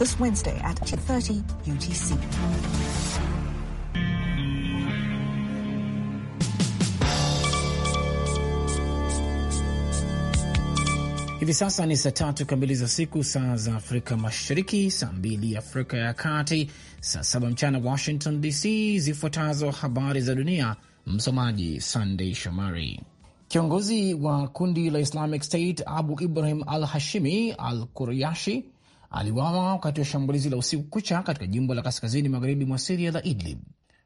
this Wednesday at 8.30 UTC. Hivi sasa ni saa tatu kamili za siku, saa za Afrika Mashariki, saa mbili Afrika ya Kati, saa saba mchana Washington DC. Zifuatazo habari za dunia, msomaji sandey Shomari. Kiongozi wa kundi la Islamic State Abu Ibrahim al Hashimi al Kuryashi aliwawa wakati wa shambulizi la usiku kucha katika jimbo la kaskazini magharibi mwa Siria la Idlib.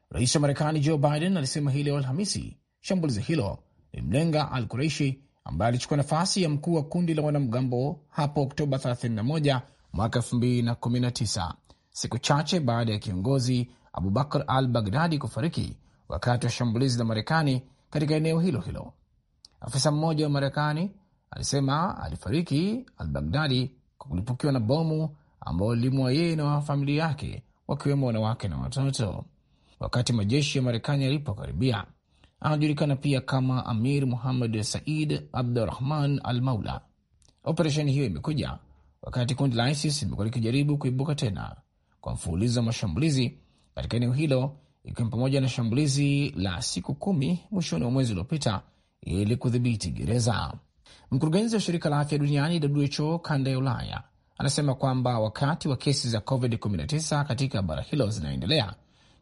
Rais wa Marekani Joe Biden alisema hii leo Alhamisi shambulizi hilo lilimlenga Al Kureishi ambaye alichukua nafasi ya mkuu wa kundi la wanamgambo hapo Oktoba 31 mwaka 2019 siku chache baada ya kiongozi Abubakar al Baghdadi kufariki wakati wa shambulizi la Marekani katika eneo hilo hilo. Afisa mmoja wa Marekani alisema alifariki al Baghdadi kulipukiwa na bomu ambao lilimua yeye na familia yake wakiwemo wanawake na watoto. Wakati majeshi ya Marekani yalipokaribia, anajulikana pia kama Amir Muhammad Said Abdurahman Al Maula. Operesheni hiyo imekuja wakati kundi la ISIS limekuwa likijaribu kuibuka tena kwa mfululizo wa mashambulizi katika eneo hilo, ikiwa pamoja na shambulizi la siku kumi mwishoni mwa mwezi uliopita ili kudhibiti gereza. Mkurugenzi wa shirika la afya duniani WHO kanda ya Ulaya anasema kwamba wakati wa kesi za COVID-19 katika bara hilo zinaendelea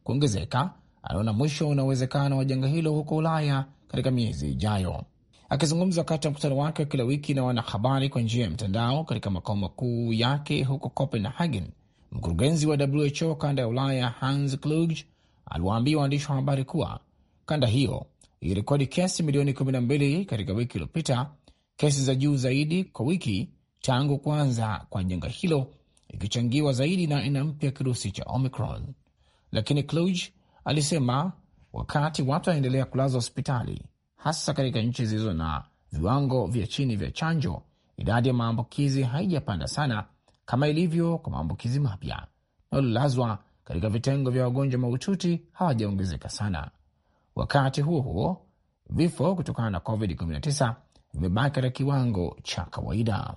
kuongezeka, anaona mwisho na uwezekano wa janga hilo huko Ulaya katika miezi ijayo. Akizungumza wakati wa mkutano wake wa kila wiki na wanahabari kwa njia ya mtandao katika makao makuu yake huko Copenhagen, mkurugenzi wa WHO kanda ya Ulaya Hans Kluge aliwaambia waandishi wa habari kuwa kanda hiyo ilirekodi kesi milioni 12 katika wiki iliyopita kesi za juu zaidi kwa wiki tangu kuanza kwa janga hilo, ikichangiwa zaidi na aina mpya kirusi cha Omicron. Lakini Kluge alisema wakati watu wanaendelea kulazwa hospitali, hasa katika nchi zilizo na viwango vya chini vya chanjo, idadi ya maambukizi haijapanda sana kama ilivyo kwa maambukizi mapya, na waliolazwa katika vitengo vya wagonjwa mahututi hawajaongezeka sana. Wakati huo huo, vifo kutokana na COVID-19 vimebaki katika kiwango cha kawaida.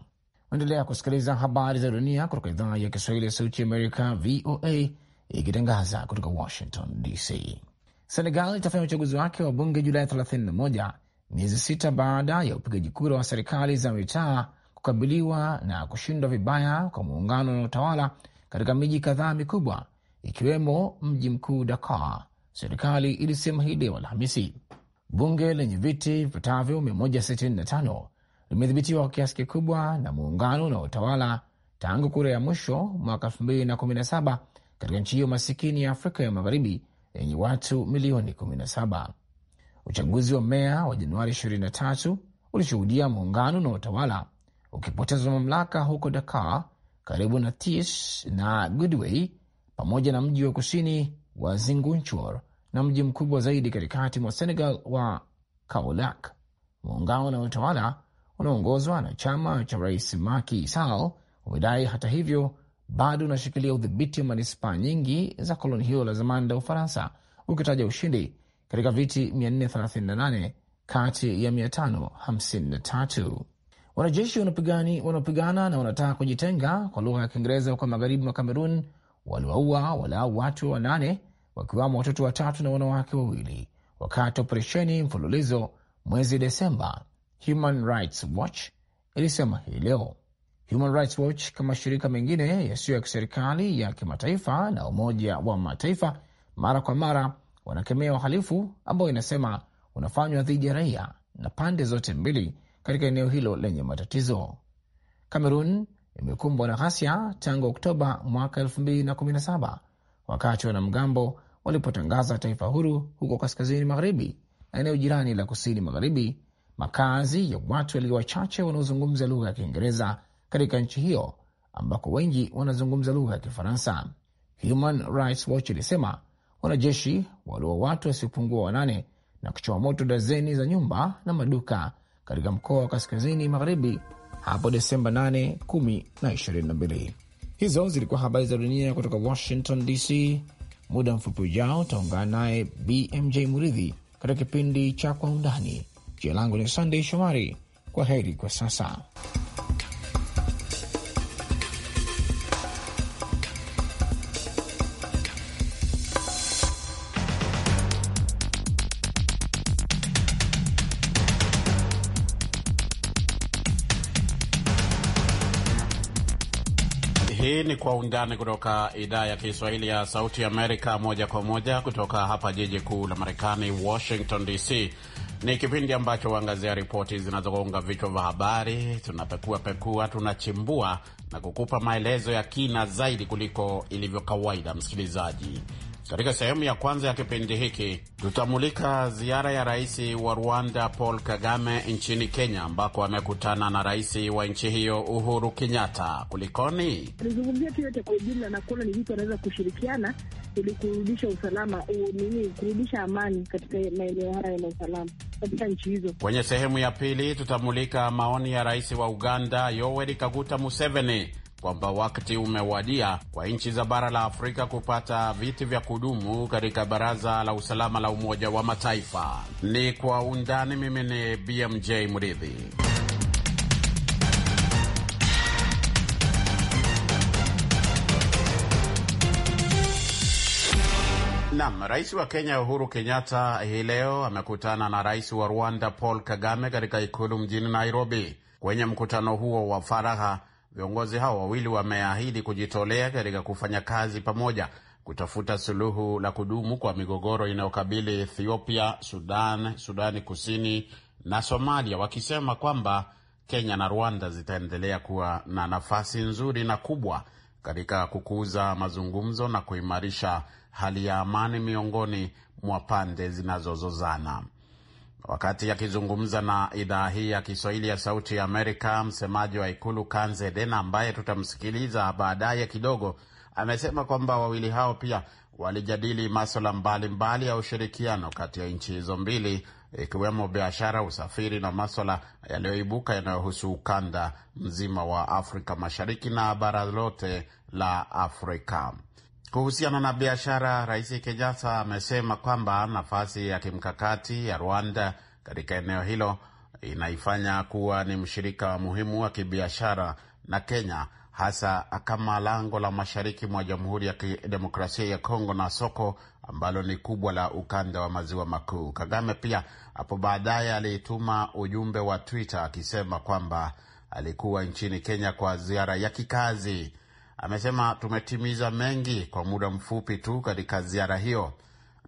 Endelea kusikiliza habari za dunia kutoka idhaa ya Kiswahili ya Sauti Amerika, VOA, ikitangaza kutoka Washington DC. Senegal itafanya uchaguzi wake wa bunge Julai 31 miezi sita baada ya upigaji kura wa serikali za mitaa kukabiliwa na kushindwa vibaya kwa muungano na utawala katika miji kadhaa mikubwa ikiwemo mji mkuu Dakar, serikali ilisema hii leo Alhamisi. Bunge lenye viti vipatavyo 165 limedhibitiwa kwa kiasi kikubwa na muungano na utawala tangu kura ya mwisho mwaka 2017 katika nchi hiyo masikini ya Afrika ya Magharibi yenye watu milioni 17. Uchaguzi wa meya wa Januari 23 ulishuhudia muungano na utawala ukipoteza mamlaka huko Dakar karibu na Tis na Goodway pamoja na mji wa kusini wa Zingunchor na mji mkubwa zaidi katikati mwa Senegal wa Kaolack. Muungano na utawala unaoongozwa na chama cha rais Macky Sall umedai hata hivyo bado unashikilia udhibiti wa manispaa nyingi za koloni hiyo la zamani la Ufaransa, ukitaja ushindi katika viti 438 kati ya 553. Wanajeshi wanaopigana na wanataka kujitenga kwa lugha ya Kiingereza huko magharibi mwa Kamerun waliwaua walau watu wanane wakiwamo watoto watatu na wanawake wawili wakati wa operesheni mfululizo mwezi Desemba. Human Rights Watch ilisema hii leo. Human Rights Watch kama shirika mengine yasiyo ya kiserikali ya kimataifa na Umoja wa Mataifa mara kwa mara wanakemea uhalifu ambao inasema unafanywa dhidi ya raia na pande zote mbili katika eneo hilo lenye matatizo. Kamerun imekumbwa na ghasia tangu Oktoba mwaka 2017 wakati wanamgambo walipotangaza taifa huru huko kaskazini magharibi na eneo jirani la kusini magharibi, makazi ya watu walio wachache wanaozungumza lugha ya Kiingereza katika nchi hiyo ambako wengi wanazungumza lugha ya Kifaransa. Human Rights Watch ilisema wanajeshi walio watu wasiopungua wanane na kuchoma moto dazeni za nyumba na maduka katika mkoa wa kaskazini magharibi hapo Desemba 8, 10 na 22. Hizo zilikuwa habari za dunia kutoka Washington DC. Muda mfupi ujao utaungana naye BMJ Muridhi katika kipindi cha Kwa Undani. Jina langu ni Sandey Shomari. Kwa heri kwa sasa. ni Kwa Undani kutoka idhaa ya Kiswahili ya Sauti Amerika, moja kwa moja kutoka hapa jiji kuu la Marekani, Washington DC. Ni kipindi ambacho huangazia ripoti zinazogonga vichwa vya habari. Tunapekua pekua, tunachimbua na kukupa maelezo ya kina zaidi kuliko ilivyo kawaida, msikilizaji. Katika sehemu ya kwanza ya kipindi hiki tutamulika ziara ya rais wa Rwanda Paul Kagame nchini Kenya, ambako amekutana na rais wa nchi hiyo Uhuru Kenyatta. Kulikoni, Tulizungumzia tu yote kwa ujumla na kuona ni vipi wanaweza kushirikiana ili kurudisha usalama nini, kurudisha amani katika maeneo haya na usalama katika nchi hizo. Kwenye sehemu ya pili tutamulika maoni ya rais wa Uganda Yoweri Kaguta Museveni kwamba wakati umewadia kwa nchi za bara la Afrika kupata viti vya kudumu katika Baraza la Usalama la Umoja wa Mataifa. Ni kwa undani. Mimi ni BMJ Mridhi. Nam, rais wa Kenya Uhuru Kenyatta hii leo amekutana na rais wa Rwanda Paul Kagame katika ikulu mjini Nairobi. Kwenye mkutano huo wa faraha Viongozi hao wawili wameahidi kujitolea katika kufanya kazi pamoja kutafuta suluhu la kudumu kwa migogoro inayokabili Ethiopia, Sudan, Sudani Kusini na Somalia, wakisema kwamba Kenya na Rwanda zitaendelea kuwa na nafasi nzuri na kubwa katika kukuza mazungumzo na kuimarisha hali ya amani miongoni mwa pande zinazozozana. Wakati akizungumza na idhaa hii ya Kiswahili ya Sauti ya Amerika, msemaji wa ikulu Kanze Dena, ambaye tutamsikiliza baadaye kidogo, amesema kwamba wawili hao pia walijadili maswala mbalimbali ya ushirikiano kati ya nchi hizo mbili ikiwemo biashara, usafiri na maswala yaliyoibuka yanayohusu ukanda mzima wa Afrika Mashariki na bara lote la Afrika. Kuhusiana na biashara, Rais Kenyatta amesema kwamba nafasi ya kimkakati ya Rwanda katika eneo hilo inaifanya kuwa ni mshirika muhimu wa kibiashara na Kenya, hasa kama lango la mashariki mwa Jamhuri ya Kidemokrasia ya Kongo na soko ambalo ni kubwa la ukanda wa maziwa makuu. Kagame pia hapo baadaye alituma ujumbe wa Twitter akisema kwamba alikuwa nchini Kenya kwa ziara ya kikazi amesema tumetimiza mengi kwa muda mfupi tu katika ziara hiyo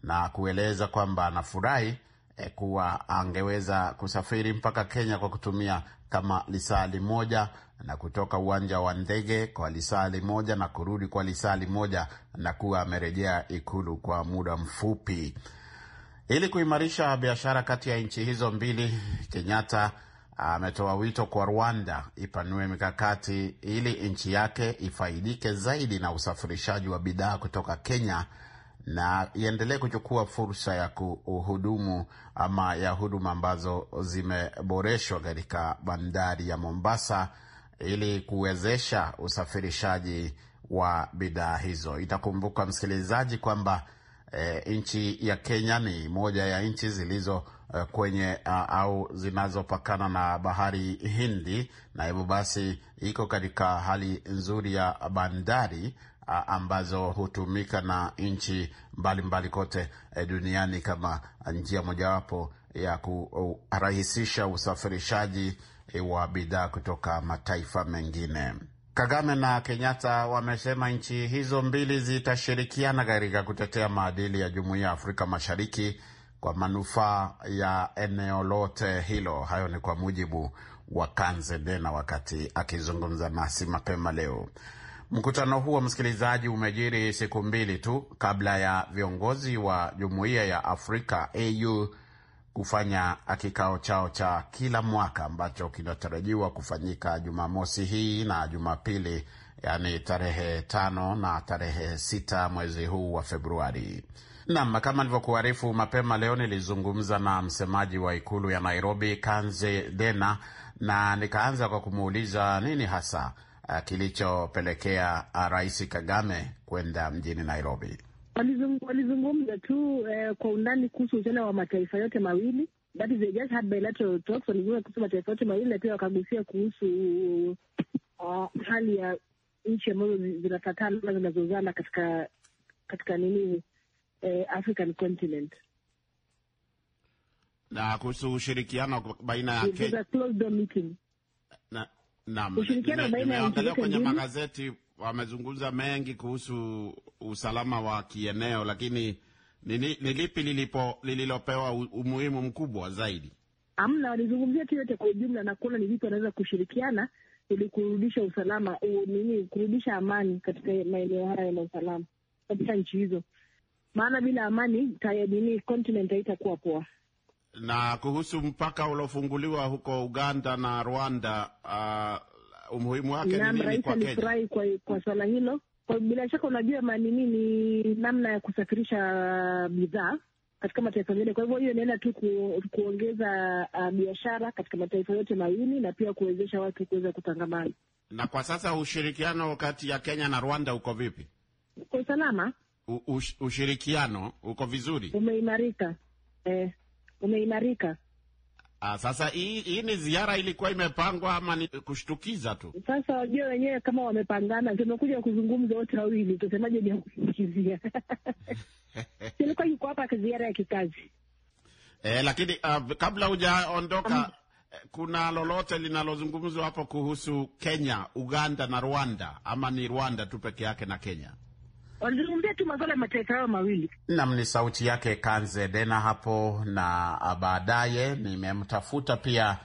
na kueleza kwamba anafurahi e, kuwa angeweza kusafiri mpaka Kenya kwa kutumia kama lisali moja na kutoka uwanja wa ndege kwa lisali moja na kurudi kwa lisali moja na kuwa amerejea ikulu kwa muda mfupi. Ili kuimarisha biashara kati ya nchi hizo mbili, Kenyatta ametoa wito kwa Rwanda ipanue mikakati ili nchi yake ifaidike zaidi na usafirishaji wa bidhaa kutoka Kenya na iendelee kuchukua fursa ya kuhudumu ama ya huduma ambazo zimeboreshwa katika bandari ya Mombasa ili kuwezesha usafirishaji wa bidhaa hizo. Itakumbuka msikilizaji kwamba e, nchi ya Kenya ni moja ya nchi zilizo Eh, kwenye uh, au zinazopakana na bahari Hindi, na hivyo basi iko katika hali nzuri ya bandari ambazo hutumika na nchi mbalimbali kote eh, duniani kama njia mojawapo ya kurahisisha usafirishaji eh, wa bidhaa kutoka mataifa mengine. Kagame na Kenyatta wamesema nchi hizo mbili zitashirikiana katika kutetea maadili ya Jumuiya ya Afrika Mashariki kwa manufaa ya eneo lote hilo. Hayo ni kwa mujibu wa Kanzedena wakati akizungumza nasi mapema leo. Mkutano huo, msikilizaji, umejiri siku mbili tu kabla ya viongozi wa Jumuiya ya Afrika au kufanya kikao chao cha kila mwaka ambacho kinatarajiwa kufanyika Jumamosi hii na Jumapili, yaani tarehe tano na tarehe sita mwezi huu wa Februari. Nam, kama nilivyokuarifu mapema leo, nilizungumza na msemaji wa ikulu ya Nairobi, Kanze Dena, na nikaanza kwa kumuuliza nini hasa eh, kilichopelekea ah, Rais Kagame kwenda mjini Nairobi. Walizungumza tu eh, kwa undani kuhusu uhusiano wa mataifa yote mawili that is they just had bilateral talks. Walizungumza kuhusu mataifa yote mawili na pia wakagusia kuhusu uh, hali ya nchi ambazo zinafatana zinazozana katika katika nini eh, African continent na kuhusu ushirikiano baina ya Kenya na, na, nimeangalia kwenye magazeti wamezungumza mengi kuhusu usalama wa kieneo, lakini ni lipi lilipo lililopewa umuhimu mkubwa zaidi? Amna, walizungumzia tu yote kwa ujumla na kuona ni vipi wanaweza kushirikiana ili kurudisha usalama nini kurudisha amani katika maeneo haya na usalama katika nchi hizo maana bila amani tayadini continent haitakuwa poa. Na kuhusu mpaka uliofunguliwa huko Uganda na Rwanda, uh, umuhimu wake ni nini kwa Kenya? kwa, kwa swala hilo kwa, bila shaka unajua mani ni namna ya kusafirisha bidhaa katika mataifa mengine. Kwa hivyo hiyo inaenda tu ku, kuongeza uh, biashara katika mataifa yote mawili na pia kuwezesha watu kuweza kutangamana. Na kwa sasa ushirikiano kati ya Kenya na Rwanda uko vipi? Uko salama? ush, ushirikiano uko vizuri, umeimarika eh, umeimarika. Ah, sasa hii hii ni ziara ilikuwa imepangwa ama ni kushtukiza tu? Sasa wajua wenyewe kama wamepangana, tumekuja kuzungumza wote wawili, tusemaje? Ni kushtukizia ilikuwa yuko hapa ziara ya kikazi eh, lakini uh, kabla hujaondoka um, kuna lolote linalozungumzwa hapo kuhusu Kenya, Uganda na Rwanda ama ni Rwanda tu peke yake na Kenya? walizungumzia tu masuala ya mataifa hayo mawili. Nam ni sauti yake Kanze Dena hapo, na baadaye nimemtafuta pia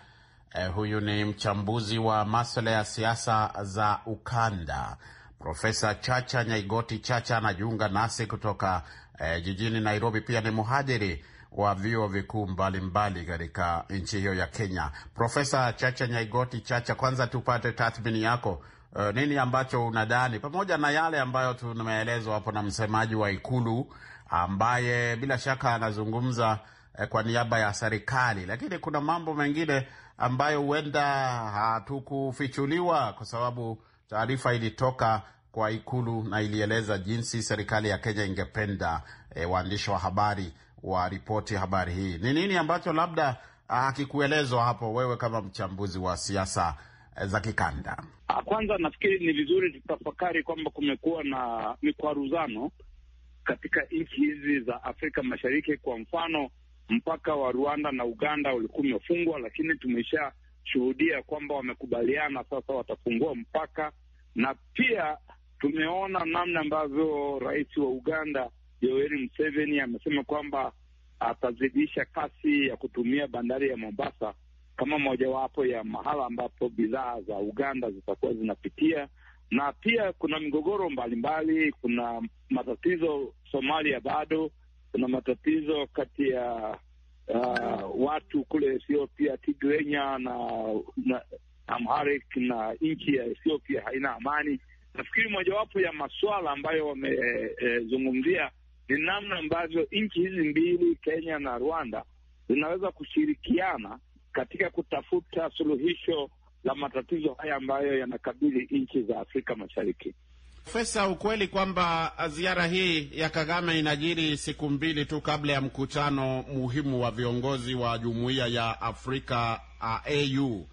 eh, huyu ni mchambuzi wa masuala ya siasa za ukanda Profesa Chacha Nyaigoti Chacha anajiunga nasi kutoka eh, jijini Nairobi. Pia ni mhadhiri wa vyuo vikuu mbalimbali katika nchi hiyo ya Kenya. Profesa Chacha Nyaigoti Chacha, kwanza tupate tathmini yako uh, nini ambacho unadhani pamoja na yale ambayo tumeelezwa hapo na msemaji wa Ikulu ambaye bila shaka anazungumza eh, kwa niaba ya serikali, lakini kuna mambo mengine ambayo huenda hatukufichuliwa kwa sababu taarifa ilitoka kwa Ikulu na ilieleza jinsi serikali ya Kenya ingependa eh, waandishi wa habari ripoti habari hii. Ni nini ambacho labda ah, akikuelezwa hapo wewe kama mchambuzi wa siasa Eh, za kikanda? Ah, kwanza nafikiri ni vizuri tutafakari kwamba kumekuwa na mikwaruzano katika nchi hizi za Afrika Mashariki. Kwa mfano, mpaka wa Rwanda na Uganda ulikuwa umefungwa, lakini tumeshashuhudia kwamba wamekubaliana sasa watafungua mpaka, na pia tumeona namna ambavyo rais wa Uganda Yoweri Museveni amesema kwamba atazidisha kasi ya kutumia bandari ya Mombasa kama mojawapo ya mahala ambapo bidhaa za Uganda zitakuwa zinapitia, na pia kuna migogoro mbalimbali. Kuna matatizo Somalia, bado kuna matatizo kati ya uh, watu kule Ethiopia, Tigrenya na, na Amharic, na nchi ya Ethiopia haina amani. Nafikiri mojawapo ya masuala ambayo wamezungumzia e, ni namna ambavyo nchi hizi mbili Kenya na Rwanda zinaweza kushirikiana katika kutafuta suluhisho la matatizo haya ambayo yanakabili nchi za Afrika Mashariki. Profesa, ukweli kwamba ziara hii ya Kagame inajiri siku mbili tu kabla ya mkutano muhimu wa viongozi wa jumuiya ya Afrika AU,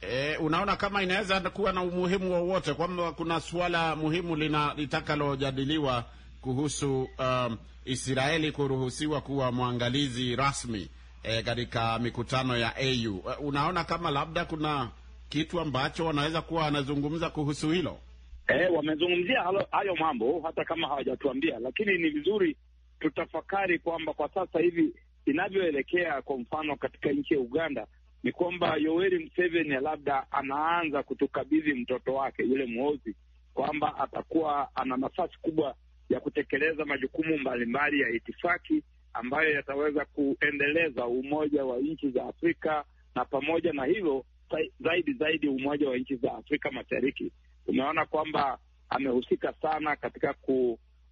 e, unaona kama inaweza kuwa na umuhimu wowote kwamba kuna suala muhimu lina litakalojadiliwa kuhusu um, Israeli kuruhusiwa kuwa mwangalizi rasmi e, katika mikutano ya AU. E, unaona kama labda kuna kitu ambacho wanaweza kuwa wanazungumza kuhusu hilo? E, wamezungumzia hayo mambo hata kama hawajatuambia, lakini ni vizuri tutafakari kwamba kwa sasa hivi inavyoelekea, kwa mfano katika nchi ya Uganda ni kwamba Yoweri Museveni labda anaanza kutukabidhi mtoto wake yule mwozi, kwamba atakuwa ana nafasi kubwa ya kutekeleza majukumu mbalimbali ya itifaki ambayo yataweza kuendeleza umoja wa nchi za Afrika, na pamoja na hilo zaidi zaidi umoja wa nchi za Afrika Mashariki. Tumeona kwamba amehusika sana katika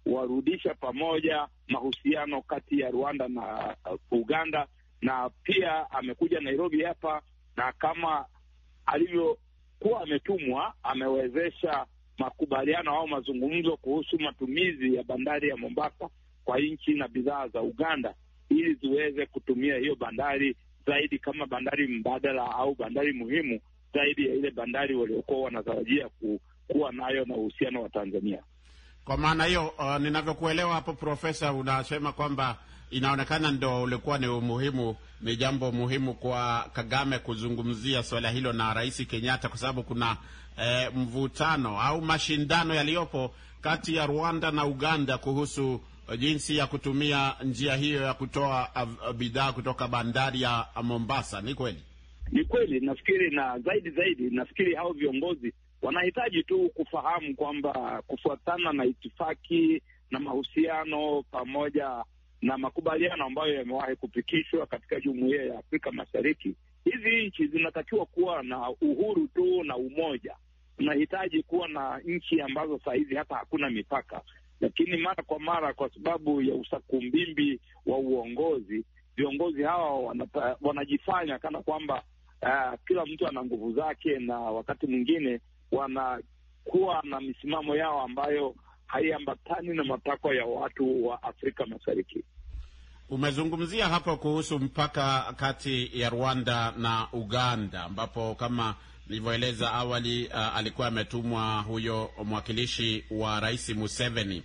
kuwarudisha pamoja mahusiano kati ya Rwanda na Uganda, na pia amekuja Nairobi hapa, na kama alivyokuwa ametumwa, amewezesha makubaliano au mazungumzo kuhusu matumizi ya bandari ya Mombasa kwa nchi na bidhaa za Uganda ili ziweze kutumia hiyo bandari zaidi kama bandari mbadala au bandari muhimu zaidi ya ile bandari waliokuwa wanatarajia ku, kuwa nayo na uhusiano wa Tanzania. Kwa maana hiyo, uh, ninavyokuelewa hapo Profesa, unasema kwamba inaonekana ndo ulikuwa ni umuhimu, ni jambo muhimu kwa Kagame kuzungumzia swala hilo na Rais Kenyatta kwa sababu kuna eh, mvutano au mashindano yaliyopo kati ya Rwanda na Uganda kuhusu Eh, jinsi ya kutumia njia hiyo ya kutoa eh, eh, bidhaa kutoka bandari ya Mombasa. Ni kweli, ni kweli. Nafikiri na zaidi zaidi, nafikiri hao viongozi wanahitaji tu kufahamu kwamba kufuatana na itifaki na mahusiano pamoja na makubaliano ambayo yamewahi kupitishwa katika jumuiya ya Afrika Mashariki, hizi nchi zinatakiwa kuwa na uhuru tu na umoja. Tunahitaji kuwa na nchi ambazo saa hizi hata hakuna mipaka, lakini mara kwa mara, kwa sababu ya usakumbimbi wa uongozi, viongozi hawa wanata, wanajifanya kana kwamba uh, kila mtu ana nguvu zake, na wakati mwingine wanakuwa na misimamo yao ambayo haiambatani na matakwa ya watu wa Afrika Mashariki. Umezungumzia hapo kuhusu mpaka kati ya Rwanda na Uganda ambapo kama nilivyoeleza awali, uh, alikuwa ametumwa huyo mwakilishi wa Rais Museveni.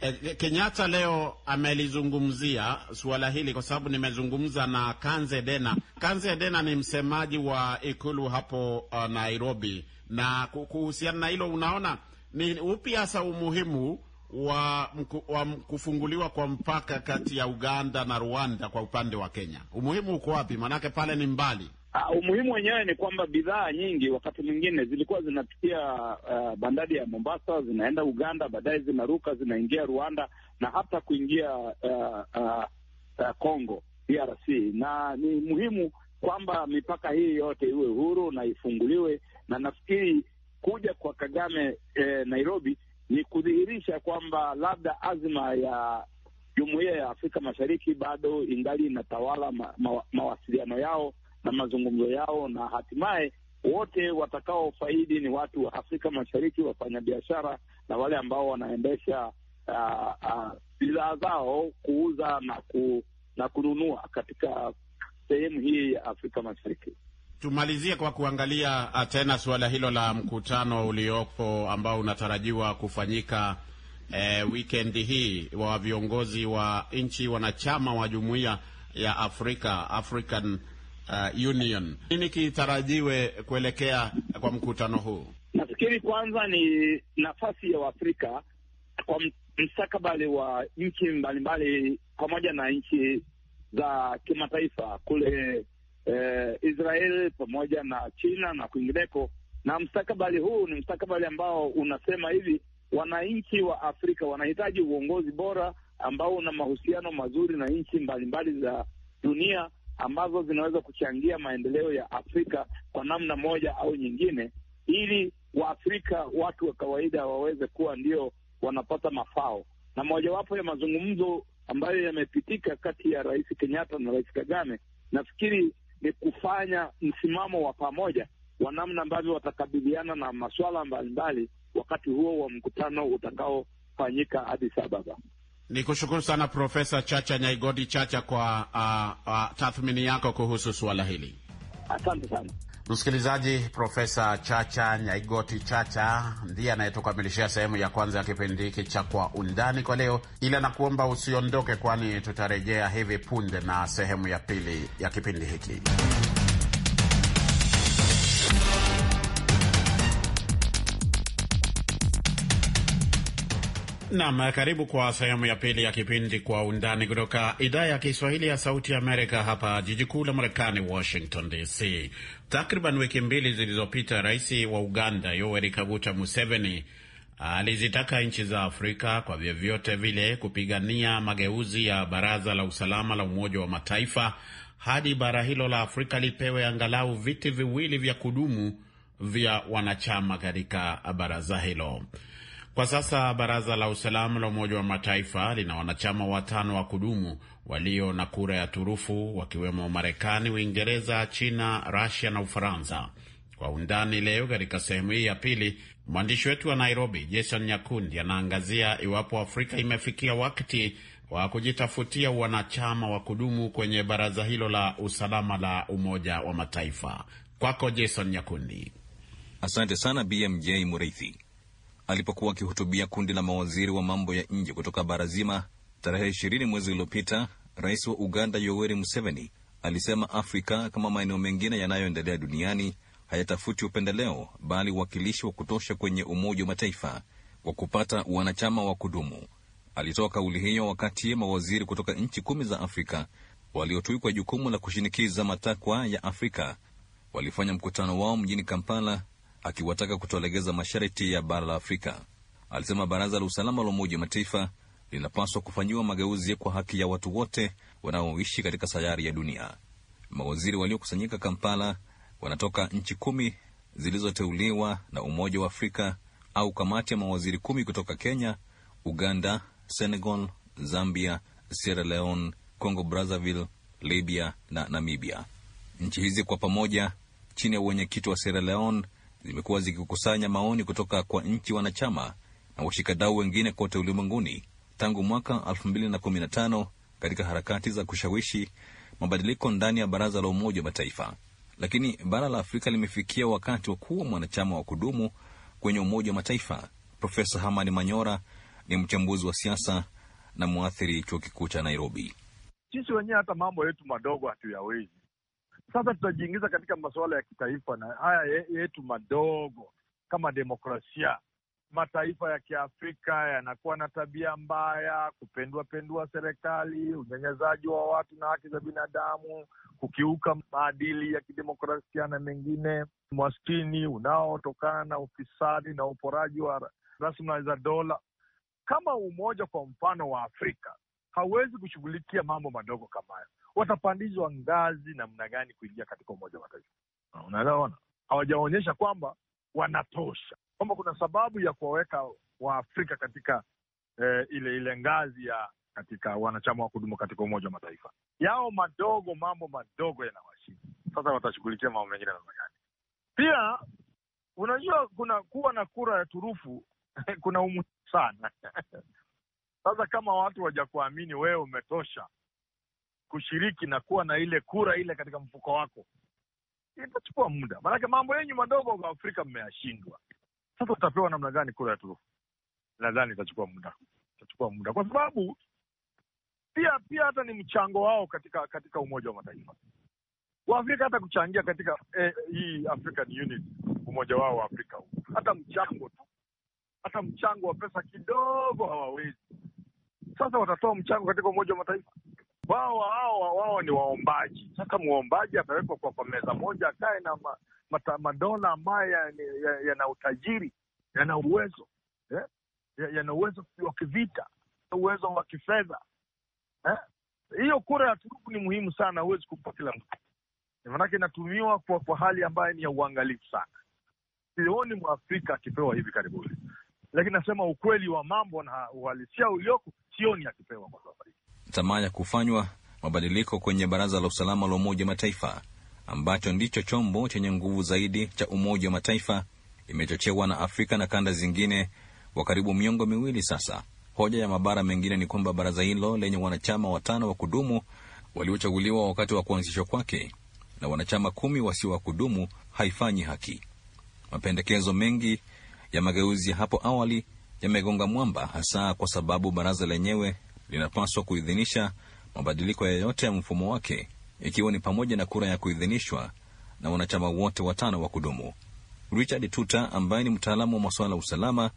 E, Kenyatta leo amelizungumzia suala hili kwa sababu nimezungumza na Kanze Dena. Kanze Dena ni msemaji wa ikulu hapo uh, Nairobi, na kuhusiana na hilo, unaona ni upi hasa umuhimu wa, mku, wa kufunguliwa kwa mpaka kati ya Uganda na Rwanda kwa upande wa Kenya? Umuhimu uko wapi? Maanake pale ni mbali. Uh, umuhimu wenyewe ni kwamba bidhaa nyingi wakati mwingine zilikuwa zinapitia uh, bandari ya Mombasa, zinaenda Uganda, baadaye zinaruka zinaingia Rwanda na hata kuingia uh, uh, uh, Congo DRC, na ni muhimu kwamba mipaka hii yote iwe huru na ifunguliwe, na nafikiri kuja kwa Kagame eh, Nairobi ni kudhihirisha kwamba labda azma ya jumuiya ya Afrika Mashariki bado ingali inatawala ma, ma, mawasiliano yao na mazungumzo yao, na hatimaye wote watakaofaidi ni watu wa Afrika Mashariki, wafanyabiashara na wale ambao wanaendesha ah, ah, bidhaa uh, uh, zao kuuza na, ku, na kununua katika sehemu hii ya Afrika Mashariki. Tumalizie kwa kuangalia ah, tena suala hilo la mkutano uliopo ambao unatarajiwa kufanyika eh, wikendi hii wa viongozi wa nchi wanachama wa jumuiya ya Afrika African uh, Union. Nini kitarajiwe kuelekea kwa mkutano huu? Nafikiri kwanza ni nafasi ya Waafrika kwa mstakabali wa nchi mbalimbali pamoja na nchi za kimataifa kule eh, Israel pamoja na China na kwingineko. Na mstakabali huu ni mstakabali ambao unasema hivi, wananchi wa Afrika wanahitaji uongozi bora ambao una mahusiano mazuri na nchi mbalimbali za dunia ambazo zinaweza kuchangia maendeleo ya Afrika kwa namna moja au nyingine, ili Waafrika watu wa kawaida waweze kuwa ndio wanapata mafao. Na mojawapo ya mazungumzo ambayo yamepitika kati ya Rais Kenyatta na Rais Kagame, nafikiri ni kufanya msimamo wa pamoja wa namna ambavyo watakabiliana na masuala mbalimbali wakati huo wa mkutano utakaofanyika Addis Ababa. Ni kushukuru sana Profesa Chacha Nyaigodi Chacha kwa uh, uh, tathmini yako kuhusu suala hili. Asante sana msikilizaji. Profesa Chacha Nyaigoti Chacha ndiye anayetukamilishia sehemu ya kwanza ya kipindi hiki cha Kwa Undani kwa leo, ila nakuomba usiondoke, kwani tutarejea hivi punde na sehemu ya pili ya kipindi hiki. Nam, karibu kwa sehemu ya pili ya kipindi Kwa Undani kutoka idhaa ya Kiswahili ya Sauti ya Amerika, hapa jiji kuu la Marekani, Washington DC. Takriban wiki mbili zilizopita, rais wa Uganda Yoweri Kaguta Museveni alizitaka nchi za Afrika kwa vyovyote vile kupigania mageuzi ya Baraza la Usalama la Umoja wa Mataifa hadi bara hilo la Afrika lipewe angalau viti viwili vya kudumu vya wanachama katika baraza hilo. Kwa sasa baraza la usalama la Umoja wa Mataifa lina wanachama watano wa kudumu walio na kura ya turufu wakiwemo Marekani, Uingereza, China, Rusia na Ufaransa. Kwa undani leo katika sehemu hii ya pili, mwandishi wetu wa Nairobi Jason Nyakundi anaangazia iwapo Afrika imefikia wakati wa kujitafutia wanachama wa kudumu kwenye baraza hilo la usalama la Umoja wa Mataifa. Kwako Jason Nyakundi. Asante sana BMJ Mureithi alipokuwa akihutubia kundi la mawaziri wa mambo ya nje kutoka bara zima tarehe ishirini mwezi uliopita, rais wa Uganda Yoweri Museveni alisema Afrika kama maeneo mengine yanayoendelea duniani hayatafuti upendeleo, bali uwakilishi wa kutosha kwenye Umoja wa Mataifa kwa kupata wanachama wa kudumu. Alitoa kauli hiyo wakati mawaziri kutoka nchi kumi za Afrika waliotuikwa jukumu la kushinikiza matakwa ya Afrika walifanya mkutano wao mjini Kampala akiwataka kutolegeza masharti ya bara la Afrika. Alisema baraza la usalama la Umoja wa Mataifa linapaswa kufanyiwa mageuzi kwa haki ya watu wote wanaoishi katika sayari ya dunia. Mawaziri waliokusanyika Kampala wanatoka nchi kumi zilizoteuliwa na Umoja wa Afrika au kamati ya mawaziri kumi kutoka Kenya, Uganda, Senegal, Zambia, Sierra Leone, Congo Brazzaville, Libya na Namibia. Nchi hizi kwa pamoja chini ya uwenyekiti wa Sierra Leone zimekuwa zikikusanya maoni kutoka kwa nchi wanachama na washikadau wengine kote ulimwenguni tangu mwaka 2015 katika harakati za kushawishi mabadiliko ndani ya Baraza la Umoja wa Mataifa. Lakini bara la Afrika limefikia wakati wa kuwa mwanachama wa kudumu kwenye Umoja wa Mataifa. Profesa Hamani Manyora ni mchambuzi wa siasa na mwathiri chuo kikuu cha Nairobi. Sisi wenyewe hata mambo yetu madogo hatuyawezi sasa tutajiingiza katika masuala ya kitaifa na haya yetu madogo kama demokrasia. Mataifa ya Kiafrika yanakuwa na tabia mbaya, kupendua pendua serikali, unyanyasaji wa watu na haki za binadamu, kukiuka maadili ya kidemokrasia na mengine, maskini unaotokana na ufisadi na uporaji wa rasilimali za dola. Kama Umoja kwa mfano wa Afrika hauwezi kushughulikia mambo madogo kama hayo watapandizwa ngazi namna gani kuingia katika Umoja wa Mataifa. Unaelewana, hawajaonyesha kwamba wanatosha, kwamba kuna sababu ya kuwaweka Waafrika katika eh, ile ile ngazi ya katika wanachama wa kudumu katika Umoja wa Mataifa. Yao madogo, mambo madogo yanawashinda. Sasa watashughulikia mambo mengine namna gani? Pia unajua kuna kuwa na kura ya turufu kuna umuhimu sana sasa kama watu wajakuamini wewe umetosha, kushiriki na kuwa na ile kura ile katika mfuko wako, itachukua muda, maanake mambo yenyu madogo kwa Afrika mmeyashindwa. Sasa utapewa namna gani kura ya turufu? Nadhani itachukua muda, itachukua muda kwa sababu pia pia hata ni mchango wao katika katika Umoja wa Mataifa Waafrika hata kuchangia katika eh, hii African Unity, umoja wao wa Afrika huu, hata mchango tu, hata mchango wa pesa kidogo hawawezi. Sasa watatoa mchango katika Umoja wa Mataifa, wao wao wao ni waombaji. Sasa mwombaji atawekwa kwa, kwa meza moja, akae na ma, mata, madola ambayo yana ya, ya utajiri yana uwezo eh? yana ya uwezo wa kivita, uwezo wa kifedha eh? hiyo eh? Kura ya turufu ni muhimu sana, huwezi kumpa kila mtu, maanake inatumiwa kwa, kwa hali ambayo ni ya uangalifu sana. Sioni mwafrika akipewa hivi karibuni, lakini nasema ukweli wa mambo na uhalisia ulioko, sioni akipewa kwa safari tamaa ya kufanywa mabadiliko kwenye Baraza la Usalama la Umoja wa Mataifa ambacho ndicho chombo chenye nguvu zaidi cha Umoja wa Mataifa imechochewa na Afrika na kanda zingine kwa karibu miongo miwili sasa. Hoja ya mabara mengine ni kwamba baraza hilo lenye wanachama watano wa kudumu waliochaguliwa wakati wa kuanzishwa kwake na wanachama kumi wasio wa kudumu haifanyi haki. Mapendekezo mengi ya mageuzi hapo awali yamegonga mwamba, hasa kwa sababu baraza lenyewe linapaswa kuidhinisha mabadiliko yoyote ya, ya mfumo wake ikiwa ni pamoja na kura ya kuidhinishwa na wanachama wote watano wa kudumu. Richard Tuta ambaye ni mtaalamu wa masuala ya usalama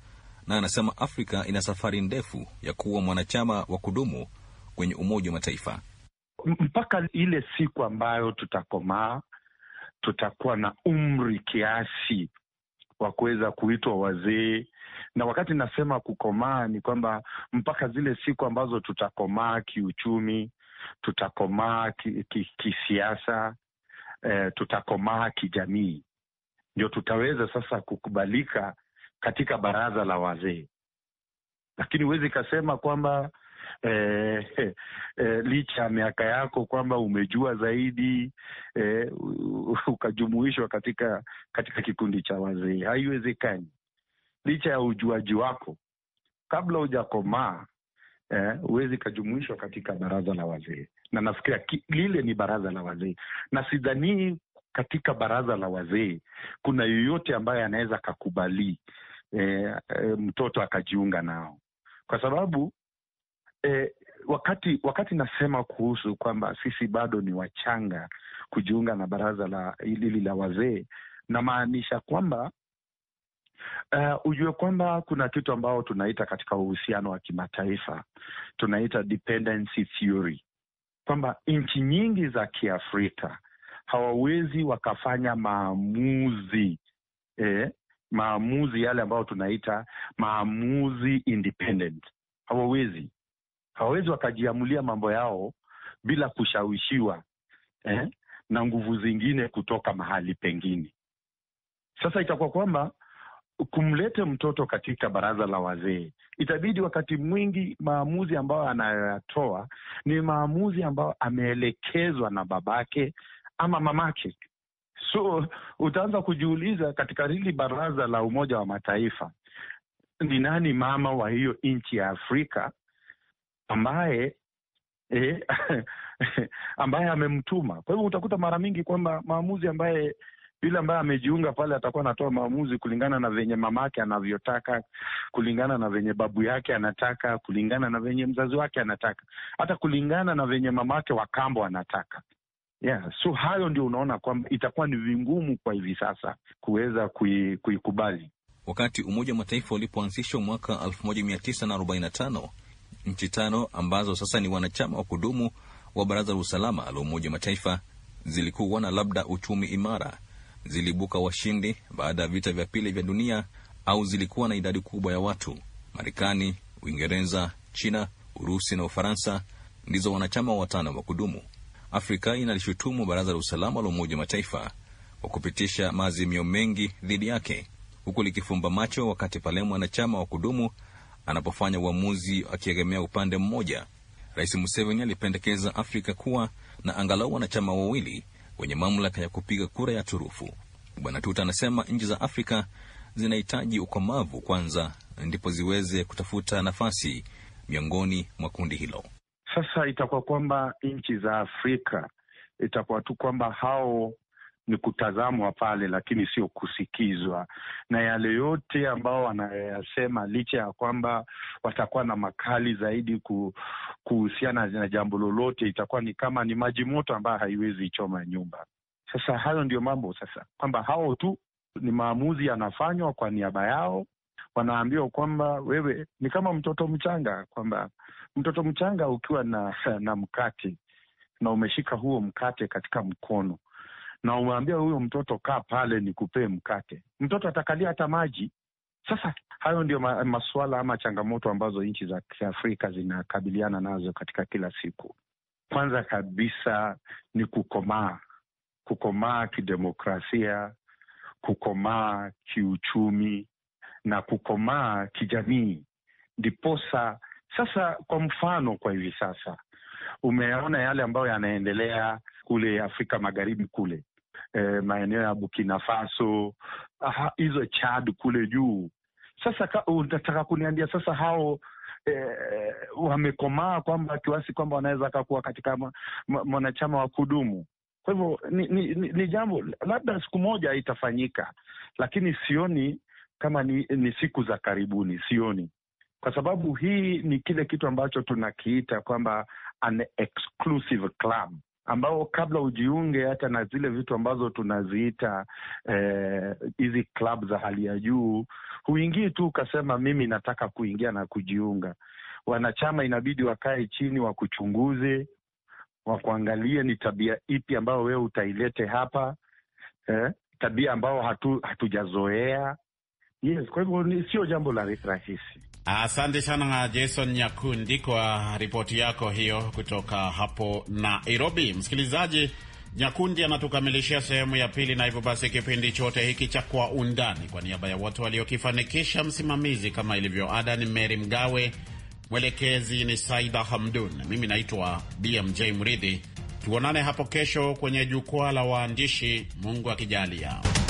na anasema Afrika ina safari ndefu ya kuwa mwanachama wa kudumu kwenye Umoja wa Mataifa. Mpaka ile siku ambayo tutakomaa, tutakuwa na umri kiasi wa kuweza kuitwa wazee na wakati nasema kukomaa ni kwamba mpaka zile siku ambazo tutakomaa kiuchumi, tutakomaa kisiasa, ki, ki eh, tutakomaa kijamii, ndio tutaweza sasa kukubalika katika baraza la wazee. Lakini huwezi ikasema kwamba eh, eh, licha ya miaka yako kwamba umejua zaidi eh, ukajumuishwa katika katika kikundi cha wazee, haiwezekani licha ya ujuaji wako kabla hujakomaa eh, huwezi eh, katika baraza la wazee, na nafikiria lile ni baraza la wazee, na sidhanii katika baraza la wazee kuna yoyote ambaye anaweza akakubali eh, eh, mtoto akajiunga nao, kwa sababu eh, wakati wakati nasema kuhusu kwamba sisi bado ni wachanga kujiunga na baraza la hili la wazee, namaanisha kwamba uh, ujue kwamba kuna kitu ambao tunaita katika uhusiano wa kimataifa tunaita dependency theory, kwamba nchi nyingi za Kiafrika hawawezi wakafanya maamuzi eh, maamuzi yale ambayo tunaita maamuzi independent. Hawawezi, hawawezi wakajiamulia mambo yao bila kushawishiwa eh, na nguvu zingine kutoka mahali pengine. Sasa itakuwa kwamba kumleta mtoto katika baraza la wazee, itabidi wakati mwingi maamuzi ambayo anayoyatoa ni maamuzi ambayo ameelekezwa na babake ama mamake. So utaanza kujiuliza katika hili baraza la Umoja wa Mataifa, ni nani mama wa hiyo nchi ya Afrika ambaye eh, ambaye amemtuma? Kwa hivyo utakuta mara mingi kwamba maamuzi ambaye yule ambaye amejiunga pale atakuwa anatoa maamuzi kulingana na venye mamake anavyotaka, kulingana na venye babu yake anataka, kulingana na venye mzazi wake anataka, hata kulingana na venye mamake wa kambo anataka. Yeah, so hayo ndio unaona kwamba itakuwa ni vingumu kwa hivi sasa kuweza kuikubali kui. Wakati Umoja wa Mataifa ulipoanzishwa mwaka 1945 nchi tano ambazo sasa ni wanachama wa kudumu wa Baraza la Usalama la Umoja wa Mataifa zilikuwa na labda uchumi imara ziliibuka washindi baada ya vita vya pili vya dunia au zilikuwa na idadi kubwa ya watu. Marekani, Uingereza, China, Urusi na Ufaransa ndizo wanachama watano wa kudumu. Afrika inalishutumu Baraza la Usalama la Umoja Mataifa kwa kupitisha maazimio mengi dhidi yake, huku likifumba macho wakati pale mwanachama wa kudumu anapofanya uamuzi akiegemea upande mmoja. Rais Museveni alipendekeza Afrika kuwa na angalau wanachama wawili wenye mamlaka ya kupiga kura ya turufu. Bwana Tuta anasema nchi za Afrika zinahitaji ukomavu kwanza, ndipo ziweze kutafuta nafasi miongoni mwa kundi hilo. Sasa itakuwa kwamba nchi za Afrika itakuwa tu kwamba hao ni kutazamwa pale, lakini sio kusikizwa. Na yale yote ambao wanayasema, licha ya kwamba watakuwa na makali zaidi kuhusiana na jambo lolote, itakuwa ni kama ni maji moto ambayo haiwezi choma nyumba. Sasa hayo ndio mambo sasa, kwamba hao tu ni maamuzi yanafanywa kwa niaba yao. Wanaambiwa kwamba wewe ni kama mtoto mchanga, kwamba mtoto mchanga ukiwa na na mkate na umeshika huo mkate katika mkono na umwambia huyo mtoto kaa pale ni kupee mkate, mtoto atakalia hata maji. Sasa hayo ndio ma masuala ama changamoto ambazo nchi za Kiafrika zinakabiliana nazo katika kila siku. Kwanza kabisa ni kukomaa, kukomaa kidemokrasia, kukomaa kiuchumi na kukomaa kijamii, ndiposa sasa, kwa mfano, kwa hivi sasa umeona yale ambayo yanaendelea kule Afrika Magharibi kule eh, maeneo ya Burkina Faso, hizo Chad kule juu. Sasa unataka kuniambia sasa hao eh, wamekomaa kwamba kiwasi kwamba wanaweza akakuwa katika mwanachama wa kudumu? Kwa hivyo ni, ni, ni, ni jambo labda siku moja itafanyika, lakini sioni kama ni, ni siku za karibuni, sioni kwa sababu hii ni kile kitu ambacho tunakiita kwamba an exclusive club ambao kabla ujiunge hata na zile vitu ambazo tunaziita eh, hizi eh, klab za hali ya juu, huingii tu ukasema mimi nataka kuingia na kujiunga. Wanachama inabidi wakae chini, wakuchunguze, wakuangalie ni tabia ipi ambayo wewe utailete hapa eh, tabia ambayo hatu, hatujazoea. Yes, kwa hivyo sio jambo la rahisi. Asante sana Jason Nyakundi kwa ripoti yako hiyo kutoka hapo Nairobi. Msikilizaji, Nyakundi anatukamilishia sehemu ya pili, na hivyo basi kipindi chote hiki cha Kwa Undani, kwa niaba ya wote waliokifanikisha, msimamizi kama ilivyo ada ni Meri Mgawe, mwelekezi ni Saida Hamdun, mimi naitwa BMJ Mridhi. Tuonane hapo kesho kwenye jukwaa la waandishi, Mungu akijalia.